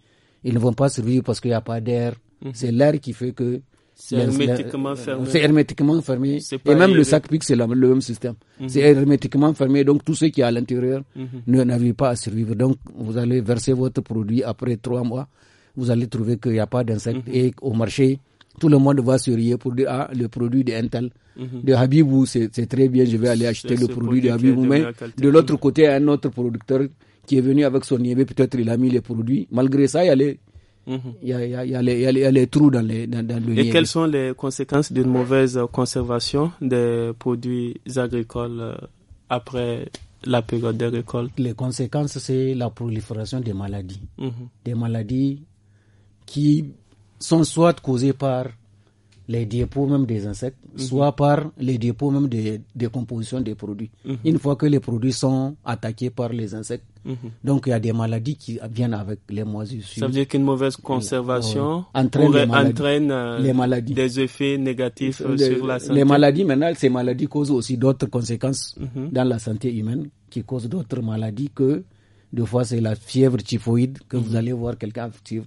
C: ils ne vont pas survivre parce qu'il n'y a pas d'air. Mhm. C'est l'air qui fait que. C'est hermétiquement, hermétiquement fermé. Et même le sac pique c'est le même système. Mhm. C'est hermétiquement fermé. Donc, tout ce qui est à l'intérieur ne n'arrive pas à survivre. Donc, vous allez verser votre produit après trois mois. Vous allez trouver qu'il n'y a pas d'insectes. Et au marché, tout le monde va se rier pour dire ah le produit de Intel mhm. de Habibou c'est très bien je vais aller acheter le produit, de Habibou mais de l'autre côté un autre producteur qui est venu avec son IEB peut-être il a mis les produits malgré ça il y a les il, les, trous dans, les, dans, Et quelles
A: sont les conséquences d'une mauvaise conservation des produits agricoles euh, après la période de récolte
C: Les conséquences, c'est la prolifération des maladies. Mhm. Des maladies qui sont soit causés par les dépôts même des insectes, mhm. soit par les dépôts même des décompositions des produits. Mhm. Une fois que les produits sont attaqués par les insectes, mhm. donc il y a des maladies qui viennent avec les moisissures. Ça veut
A: dire qu'une mauvaise conservation entraîne, euh, des effets négatifs euh, sur la santé. Les maladies,
C: maintenant, ces maladies causent aussi d'autres conséquences dans la santé humaine qui causent d'autres maladies que, des fois, c'est la fièvre typhoïde, que vous allez voir quelqu'un fièvre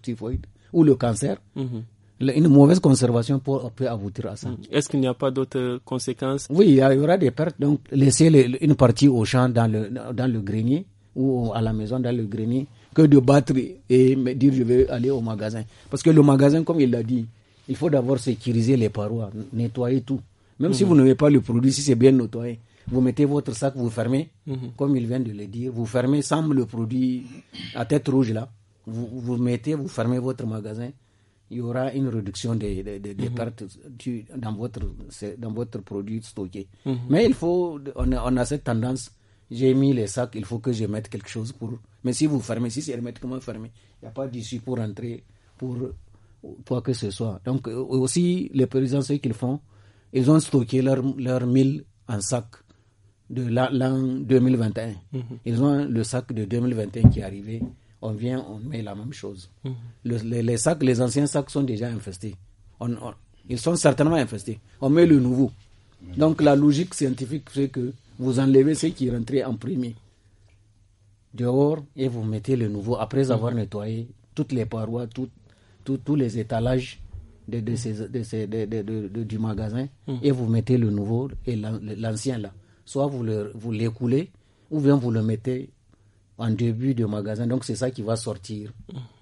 C: typhoïde ou le cancer, mhm. Une mauvaise conservation peut aboutir à ça. Mhm. Est-ce qu'il n'y a pas d'autres
A: conséquences
C: Oui, il y aura des pertes. Donc, laisser une partie au champ dans le, dans le grenier ou à la maison dans le grenier que de battre et dire je vais aller au magasin. Parce que le magasin, comme il l'a dit, il faut d'abord sécuriser les parois, nettoyer tout. Même si mhm. vous n'avez pas le produit, si c'est bien nettoyé, vous mettez votre sac, vous fermez, comme il vient de le dire, vous fermez sans le produit à tête rouge là vous, vous mettez, vous fermez votre magasin, il y aura une réduction des, des, mhm. pertes dans, votre, dans votre produit stocké. Mhm. Mais il faut, on a, cette tendance, j'ai mis les sacs, il faut que je mette quelque chose pour. Mais si vous fermez, si c'est hermétiquement fermé, il n'y a pas d'issue pour entrer, pour quoi que ce soit. Donc euh, aussi, les paysans, ce qu'ils font, ils ont stocké leurs leur mille en sac de l'an 2021. Mhm. Ils ont le sac de 2021 qui est arrivé on vient, on met la même chose. Mhm. les, sacs, les anciens sacs sont déjà infestés. On, ils sont certainement infestés. On met le nouveau. Donc la logique scientifique, c'est que vous enlevez ceux qui rentraient en premier dehors et vous mettez le nouveau après mhm. avoir nettoyé toutes les parois, tous les étalages de, ces, du magasin mhm. et vous mettez le nouveau et l'ancien là. Soit vous l'écoulez ou bien vous le mettez en début de magasin. Donc c'est ça qui va sortir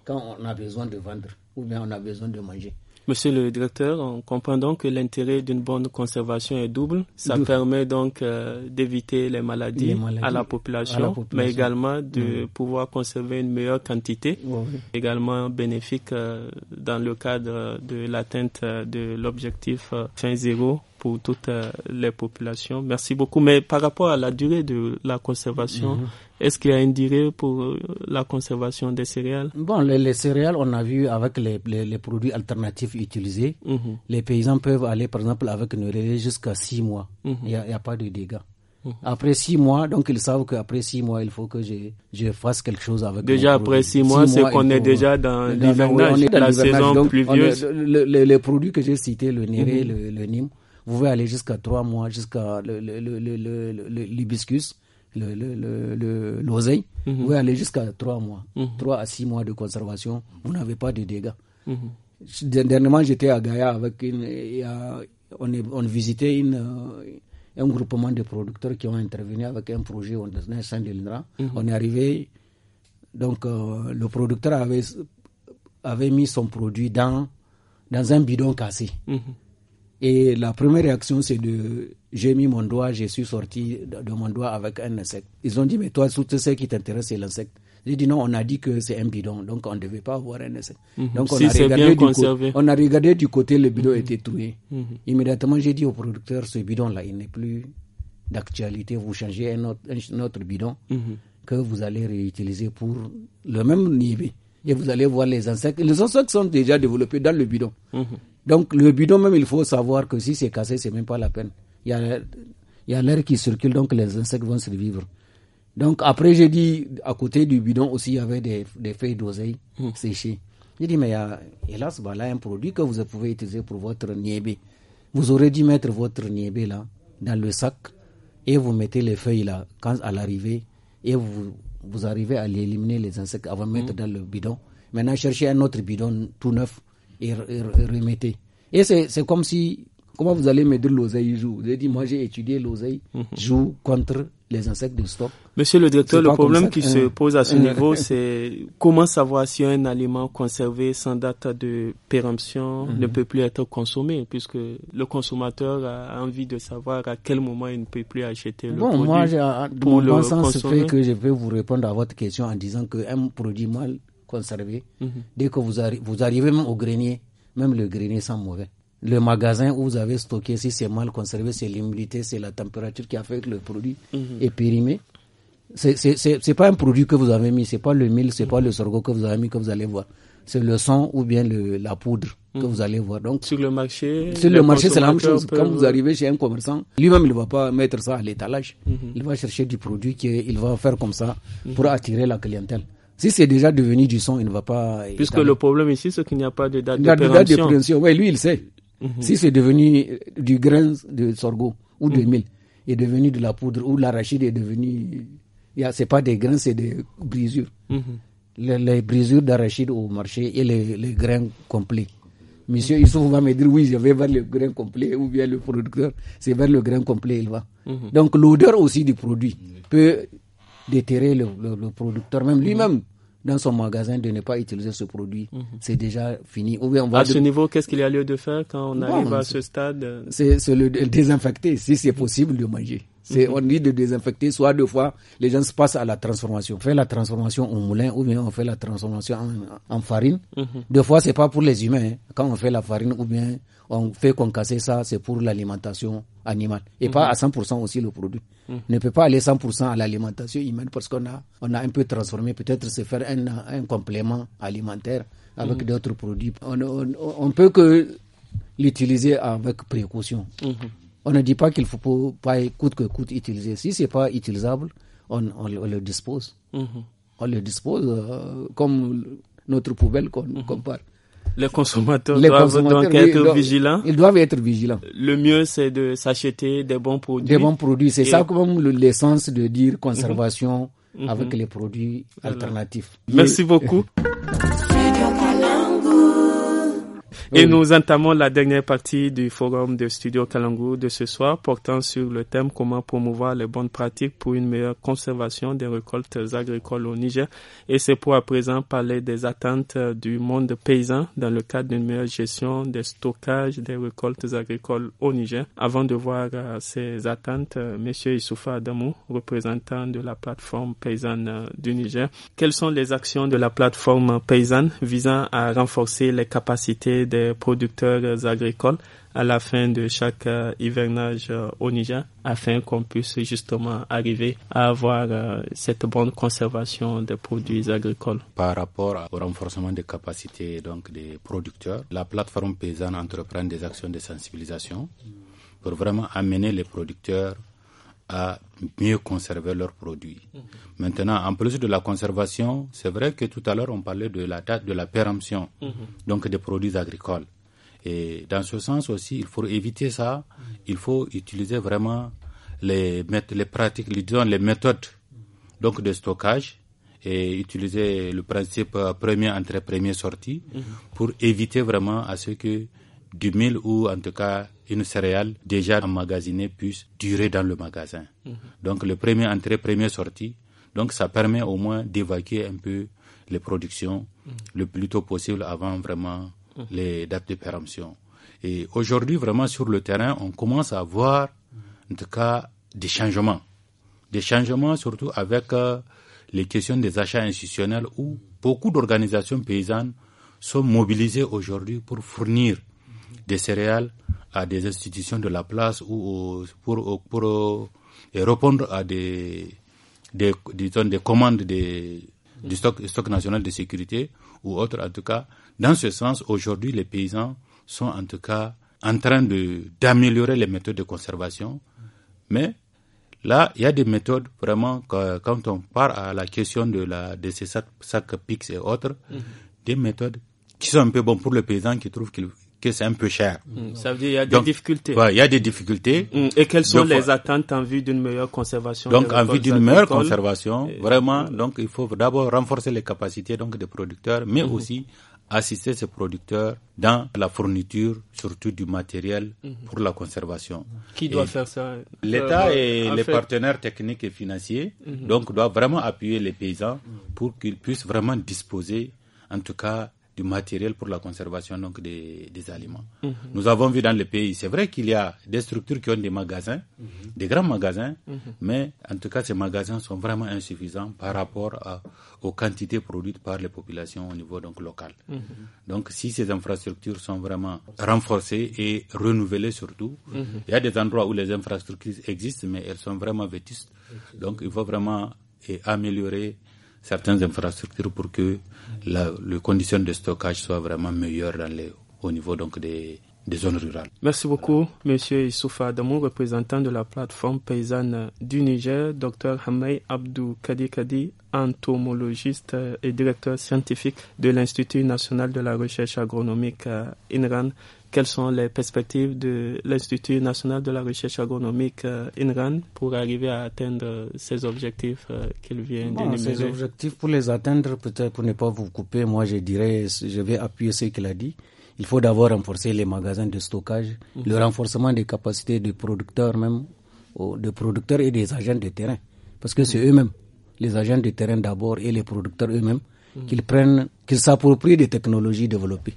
C: quand on a besoin de vendre ou bien on a besoin de manger.
A: Monsieur le directeur, on comprend donc que l'intérêt d'une bonne conservation est double. Ça permet donc euh, d'éviter les maladies, à, la population, mais également de pouvoir conserver une meilleure quantité, également bénéfique euh, dans le cadre de l'atteinte euh, de l'objectif fin zéro pour toutes euh, les populations. Merci beaucoup. Mais par rapport à la durée de la conservation, mhm. est-ce qu'il y a une durée pour euh, la conservation des céréales
C: Bon, les, céréales, on a vu avec les, produits alternatifs utilisés, mhm. les paysans peuvent aller, par exemple, avec une relais jusqu'à six mois. Mhm. Il n'y a, pas de dégâts. Après six mois, donc ils savent qu'après six mois, il faut que je, fasse quelque chose avec. Déjà après six mois, c'est qu'on est déjà dans, l'hivernage, euh, la saison pluvieuse. les, produits que j'ai cités, le néré, le, le vous pouvez aller jusqu'à trois mois, jusqu'à l'hibiscus, le, l'oseille. Vous mhm. pouvez aller jusqu'à trois mois, mhm. trois à six mois de conservation. Vous n'avez pas de dégâts. Mhm. Dernièrement, j'étais à Gaïa avec une. on, on, visitait une, euh, un groupement de producteurs qui ont intervenu avec un projet, on est On est arrivé. Donc, euh, le producteur avait, avait mis son produit dans, dans un bidon cassé. Et la première réaction, c'est de j'ai mis mon doigt, je suis sorti de mon doigt avec un insecte. Ils ont dit, mais toi, tout ce qui t'intéresse, c'est l'insecte. J'ai dit non, on a dit que c'est un bidon, donc on ne devait pas avoir un insecte. Mhm. Donc on, a regardé du côté, on a regardé du côté, le bidon mhm. était troué. Mhm. Immédiatement, j'ai dit au producteur, ce bidon-là, il n'est plus d'actualité, vous changez un autre, autre bidon que vous allez réutiliser pour le même niveau. Et vous allez voir les insectes. Les insectes sont déjà développés dans le bidon. Donc le bidon même, il faut savoir que si c'est cassé, c'est même pas la peine. Il y a l'air qui circule, donc les insectes vont survivre. Donc après, j'ai dit, à côté du bidon aussi, il y avait des, feuilles d'oseille hmm. séchées. J'ai dit, mais il y a, hélas, bah, un produit que vous pouvez utiliser pour votre niébé. Vous aurez dû mettre votre niébé là, dans le sac, et vous mettez les feuilles là, quand à l'arrivée, et vous, vous arrivez à éliminer les insectes avant de mettre hmm. dans le bidon. Maintenant, cherchez un autre bidon tout neuf et, et remettez. Et c'est comme si, comment vous allez me dire l'oseille joue Vous avez dit, moi j'ai étudié l'oseille mhm. joue contre les insectes de stock. Monsieur le directeur, le problème qui se hein. pose à ce niveau, c'est
A: comment savoir si un aliment conservé sans date de péremption mhm. ne peut plus être consommé, puisque le consommateur a envie de savoir à quel moment il ne peut plus acheter le bon, Moi, euh, pour mon le sens fait que je
C: vais vous répondre à votre question en disant qu'un produit mal conserver. Mhm. Dès que vous, vous arrivez même au grenier, même le grenier sent mauvais. Le magasin où vous avez stocké, si c'est mal conservé, c'est l'humidité, c'est la température qui a fait que le produit mhm. est périmé. C'est pas un produit que vous avez mis, c'est pas le mil, c'est pas le sorgho que vous avez mis que vous allez voir. C'est le sang ou bien la poudre que mhm. vous allez voir. Donc, sur le marché, sur le marché, c'est la même chose. Quand vous arrivez chez un commerçant, lui-même, il ne va pas mettre ça à l'étalage. Il va chercher du produit qu'il va faire comme ça pour attirer la clientèle. Si c'est déjà devenu du son, il ne va pas. Puisque le problème ici,
A: c'est qu'il n'y a pas de date de prévention. date de Oui, lui, il sait. Mhm. Si c'est
C: devenu euh, du grain de sorgho ou de mhm. mil, est devenu de la poudre ou l'arachide est devenu. C'est pas des grains, c'est des brisures. Mhm. les, brisures d'arachide au marché et les, grains complets. Monsieur il va me dire oui, je vais vers le grain complet ou bien le producteur, c'est vers le grain complet il va. Donc l'odeur aussi du produit peut déterrer le, producteur même mhm. lui-même dans son magasin de ne pas utiliser ce produit. Mhm. C'est déjà fini. Ou on va à ce
A: niveau, qu'est-ce qu'il y a lieu de faire quand on arrive à ce stade C'est le
C: désinfecter, si c'est possible de manger. Mhm. on dit de désinfecter, soit deux fois, les gens se passent à la transformation. On fait la transformation en moulin ou bien on fait la transformation en, farine. Mhm. Deux fois, c'est pas pour les humains. Quand on fait la farine ou bien on fait concasser ça, c'est pour l'alimentation animale. Et pas mhm. à 100% aussi le produit. Ne peut pas aller 100% à l'alimentation humaine parce qu'on a, on a un peu transformé, peut-être se faire un, complément alimentaire avec d'autres produits. On, on, on peut que l'utiliser avec précaution. On ne dit pas qu'il ne faut pas, coûte que coûte utiliser. Si ce n'est pas utilisable, on, le dispose. On le dispose mm-hmm. euh, comme notre poubelle qu'on mm-hmm. parle.
A: Les consommateurs
C: doivent être vigilants. Ils doivent être vigilants.
A: Le mieux, c'est de s'acheter des bons produits. Des bons produits. C'est ça
C: comme l'essence de dire conservation mm-hmm. avec les produits alternatifs. Merci beaucoup. Et nous
A: entamons la dernière partie du forum de Studio Kalangu de ce soir portant sur le thème comment promouvoir les bonnes pratiques pour une meilleure conservation des récoltes agricoles au Niger. Et c'est pour à présent parler des attentes du monde paysan dans le cadre d'une meilleure gestion des stockages des récoltes agricoles au Niger. Avant de voir euh, ces attentes, euh, Monsieur Issoufa Adamou, représentant de la plateforme paysanne euh, du Niger, quelles sont les actions de la plateforme paysanne visant à renforcer les capacités des producteurs agricoles à la fin de chaque euh, hivernage euh, au Niger afin qu'on puisse justement arriver à avoir euh, cette bonne
B: conservation des produits agricoles. Par rapport au renforcement des capacités donc des producteurs, la plateforme paysanne entreprend des actions de sensibilisation pour vraiment amener les producteurs à mieux conserver leurs produits. Mhm. Maintenant, en plus de la conservation, c'est vrai que tout à l'heure on parlait de la date de la péremption, mhm. donc des produits agricoles. Et dans ce sens aussi, il faut éviter ça. Mhm. Il faut utiliser vraiment les, les pratiques, les méthodes donc de stockage et utiliser le principe euh, premier entrée, premier sortie pour éviter vraiment à ce que du mil ou en tout cas une céréale déjà emmagasinée puisse durer dans le magasin. Mhm. Donc le premier entrée, premier sortie, donc ça permet au moins d'évacuer un peu les productions mhm. le plus tôt possible avant vraiment mhm. les dates de péremption. Et aujourd'hui vraiment sur le terrain, on commence à voir en tout cas des changements. Des changements surtout avec euh, les questions des achats institutionnels où beaucoup d'organisations paysannes sont mobilisées aujourd'hui pour fournir des céréales à des institutions de la place ou pour, pour euh, répondre à des, des, des commandes des, du stock, stock national de sécurité ou autre. En tout cas, dans ce sens, aujourd'hui, les paysans sont en tout cas en train d'améliorer les méthodes de conservation. Mais là, il y a des méthodes vraiment, quand on part à la question de, la, de ces sacs, sacs et autres, mhm. des méthodes qui sont un peu bonnes pour le paysan qui trouve qu'il c'est un peu cher. Mm, ça veut dire qu'il y a des difficultés. il y a des difficultés. Mm, et quelles sont les
A: attentes en vue d'une meilleure conservation Donc, en vue d'une meilleure conservation,
B: vraiment, donc il faut d'abord renforcer les capacités donc des producteurs, mais mhm. aussi assister ces producteurs dans la fourniture, surtout du matériel mhm. pour la conservation. Qui doit faire ça euh, L'État et les partenaires techniques et financiers, mhm. donc, doivent vraiment appuyer les paysans pour qu'ils puissent vraiment disposer, en tout cas, du matériel pour la conservation donc des, des aliments. Mhm. Nous avons vu dans le pays, c'est vrai qu'il y a des structures qui ont des magasins, mhm. des grands magasins, mhm. mais en tout cas ces magasins sont vraiment insuffisants par rapport à, aux quantités produites par les populations au niveau donc local. Donc si ces infrastructures sont vraiment renforcées et renouvelées surtout, il y a des endroits où les infrastructures existent mais elles sont vraiment vétustes. Donc il faut vraiment améliorer certaines infrastructures pour que la, les conditions de stockage soient vraiment meilleures dans les, au niveau donc des,
A: Merci beaucoup, Monsieur Issoufa Adamou, représentant de la plateforme paysanne du Niger, Dr Hamay Abdou Kadi, entomologiste et directeur scientifique de l'Institut national de la recherche agronomique euh, INRAN. Quelles sont les perspectives de l'Institut national de la recherche agronomique euh, INRAN pour arriver à atteindre ces objectifs euh, qu'il vient
C: bon, d'énumérer objectifs, pour les atteindre, peut-être pour ne pas vous couper, moi je dirais, je vais appuyer ce qu'il a dit il faut d'abord renforcer les magasins de stockage, le mhm. renforcement des capacités des producteurs même, des producteurs et des agents de terrain. Parce que c'est mhm. eux-mêmes, les agents de terrain d'abord et les producteurs eux-mêmes, mhm. qu'ils prennent, qu'ils s'approprient des technologies développées.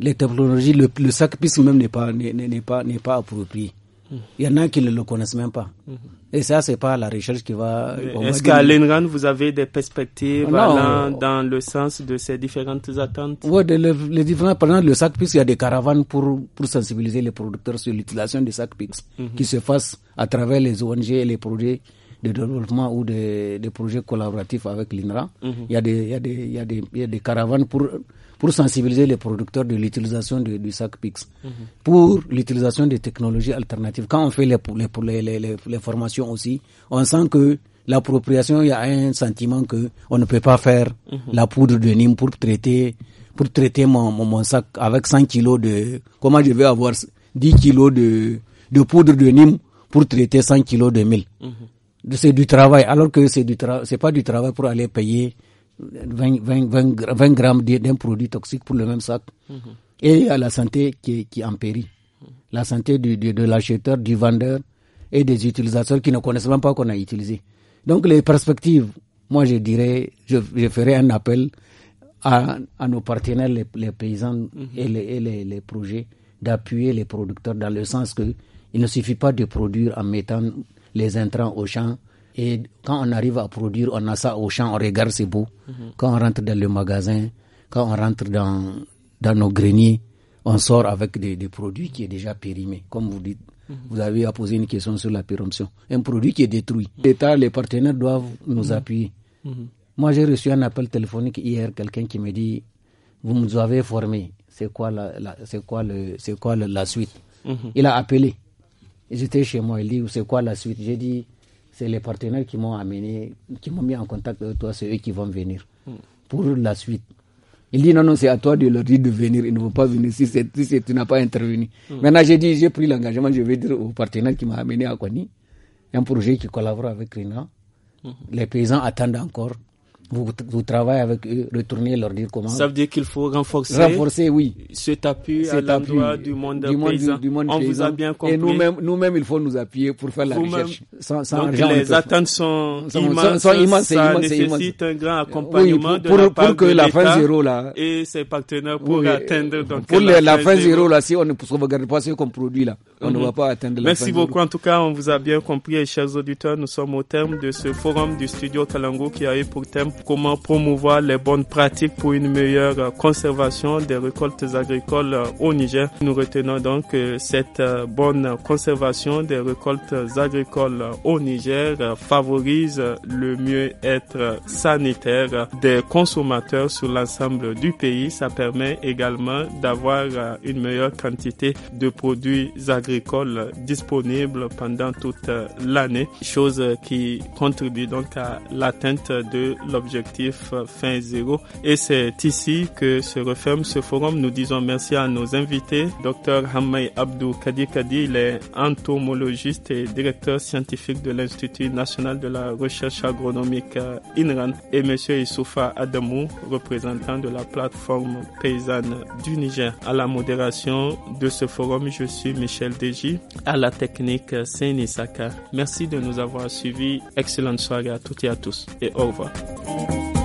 C: Les technologies, le, sac sacrifice même n'est n'est pas approprié. Il y en a qui ne le connaissent même pas. Mhm. Et ça, c'est pas la recherche qui va. Est-ce qu'à
A: l'INRAN, vous avez des perspectives dans le sens de ces différentes attentes
C: Oui, les, différents. Par exemple, le SACPIX, il y a des caravanes pour, pour sensibiliser les producteurs sur l'utilisation des SACPIX mhm. qui se fassent à travers les ONG et les projets de développement ou des, projets collaboratifs avec l'INRA. il, il, il, y a des caravanes pour pour sensibiliser les producteurs de l'utilisation du sac PIX, pour l'utilisation des technologies alternatives. Quand on fait les, les, les, les formations aussi, on sent que l'appropriation, il y a un sentiment que on ne peut pas faire la poudre de Nîmes pour traiter, pour traiter mon, mon, sac avec 100 kilos de, comment je vais avoir 10 kilos de, de poudre de Nîmes pour traiter 100 kilos de mille. Mhm. C'est du travail, alors que c'est du c'est pas du travail pour aller payer 20, grammes d'un produit toxique pour le même sac. Mhm. Et il y a la santé qui, qui en périt. Mhm. La santé du, de, l'acheteur, du vendeur et des utilisateurs qui ne connaissent même pas qu'on a utilisé. Donc les perspectives, moi je dirais, je, je ferai un appel à, nos partenaires, les, paysans mhm. et, les, les, les projets, d'appuyer les producteurs dans le sens que il ne suffit pas de produire en mettant les intrants au champ et quand on arrive à produire, on a ça au champ, on regarde, c'est beau. Mhm. Quand on rentre dans le magasin, quand on rentre dans, dans nos greniers, on sort avec des, produits qui est déjà périmés, comme vous dites. Mhm. Vous avez posé une question sur la péremption. Un produit qui est détruit. Mhm. L'État, les partenaires doivent nous appuyer. Moi, j'ai reçu un appel téléphonique hier, quelqu'un qui me dit Vous nous avez formés, c'est quoi la, c'est quoi, le, c'est quoi la suite Il a appelé. J'étais chez moi, il dit C'est quoi la suite J'ai dit c'est les partenaires qui m'ont amené, qui m'ont mis en contact avec toi, c'est eux qui vont venir hmm. pour la suite. Il dit non, non, c'est à toi de leur dire de venir. Ils ne vont pas venir si, tu n'as pas intervenu. Hmm. Maintenant, j'ai dit, j'ai pris l'engagement, je vais dire aux partenaires qui m'ont amené à Kwani, un projet qui collabore avec Rina. Hmm. Les paysans attendent encore vous, vous, travaillez avec eux, retournez leur dire comment. Ça veut dire qu'il faut renforcer. Renforcer, oui. Cet appui à l'endroit du monde du monde, du monde On vous a bien compris. Et nous-mêmes, nous-mêmes, il faut nous appuyer pour faire la recherche. Donc les attentes sont, sont, immenses, sont, immenses. Ça nécessite un grand accompagnement pour, pour, de pour que la fin zéro là.
A: Et ses partenaires pour oui, atteindre. Donc pour la, fin zéro
C: là, si on ne sauvegarde pas ce qu'on produit là, on ne mhm. va pas atteindre la Merci fin beaucoup.
A: En tout cas, on vous a bien compris, chers auditeurs. Nous sommes au terme de ce forum du studio Talango qui a eu pour thème comment promouvoir les bonnes pratiques pour une meilleure conservation des récoltes agricoles euh, au Niger. Nous retenons donc euh, cette euh, bonne conservation des récoltes agricoles au Niger favorise le mieux-être sanitaire des consommateurs sur l'ensemble du pays. Ça permet également d'avoir une meilleure quantité de produits agricoles disponibles pendant toute l'année, chose qui contribue donc à l'atteinte de l'objectif Objectif euh, fin zéro. Et c'est ici que se referme ce forum. Nous disons merci à nos invités. Docteur Hamay Abdou Kadi Kadi, il est entomologiste et directeur scientifique de l'Institut national de la recherche agronomique euh, INRAN. Et Monsieur Issoufa Adamou, représentant de la plateforme paysanne du Niger. À la modération de ce forum, je suis Michel Deji, à la technique saint Saka. Merci de nous avoir suivis. Excellente soirée à toutes et à tous et au revoir. Thank you.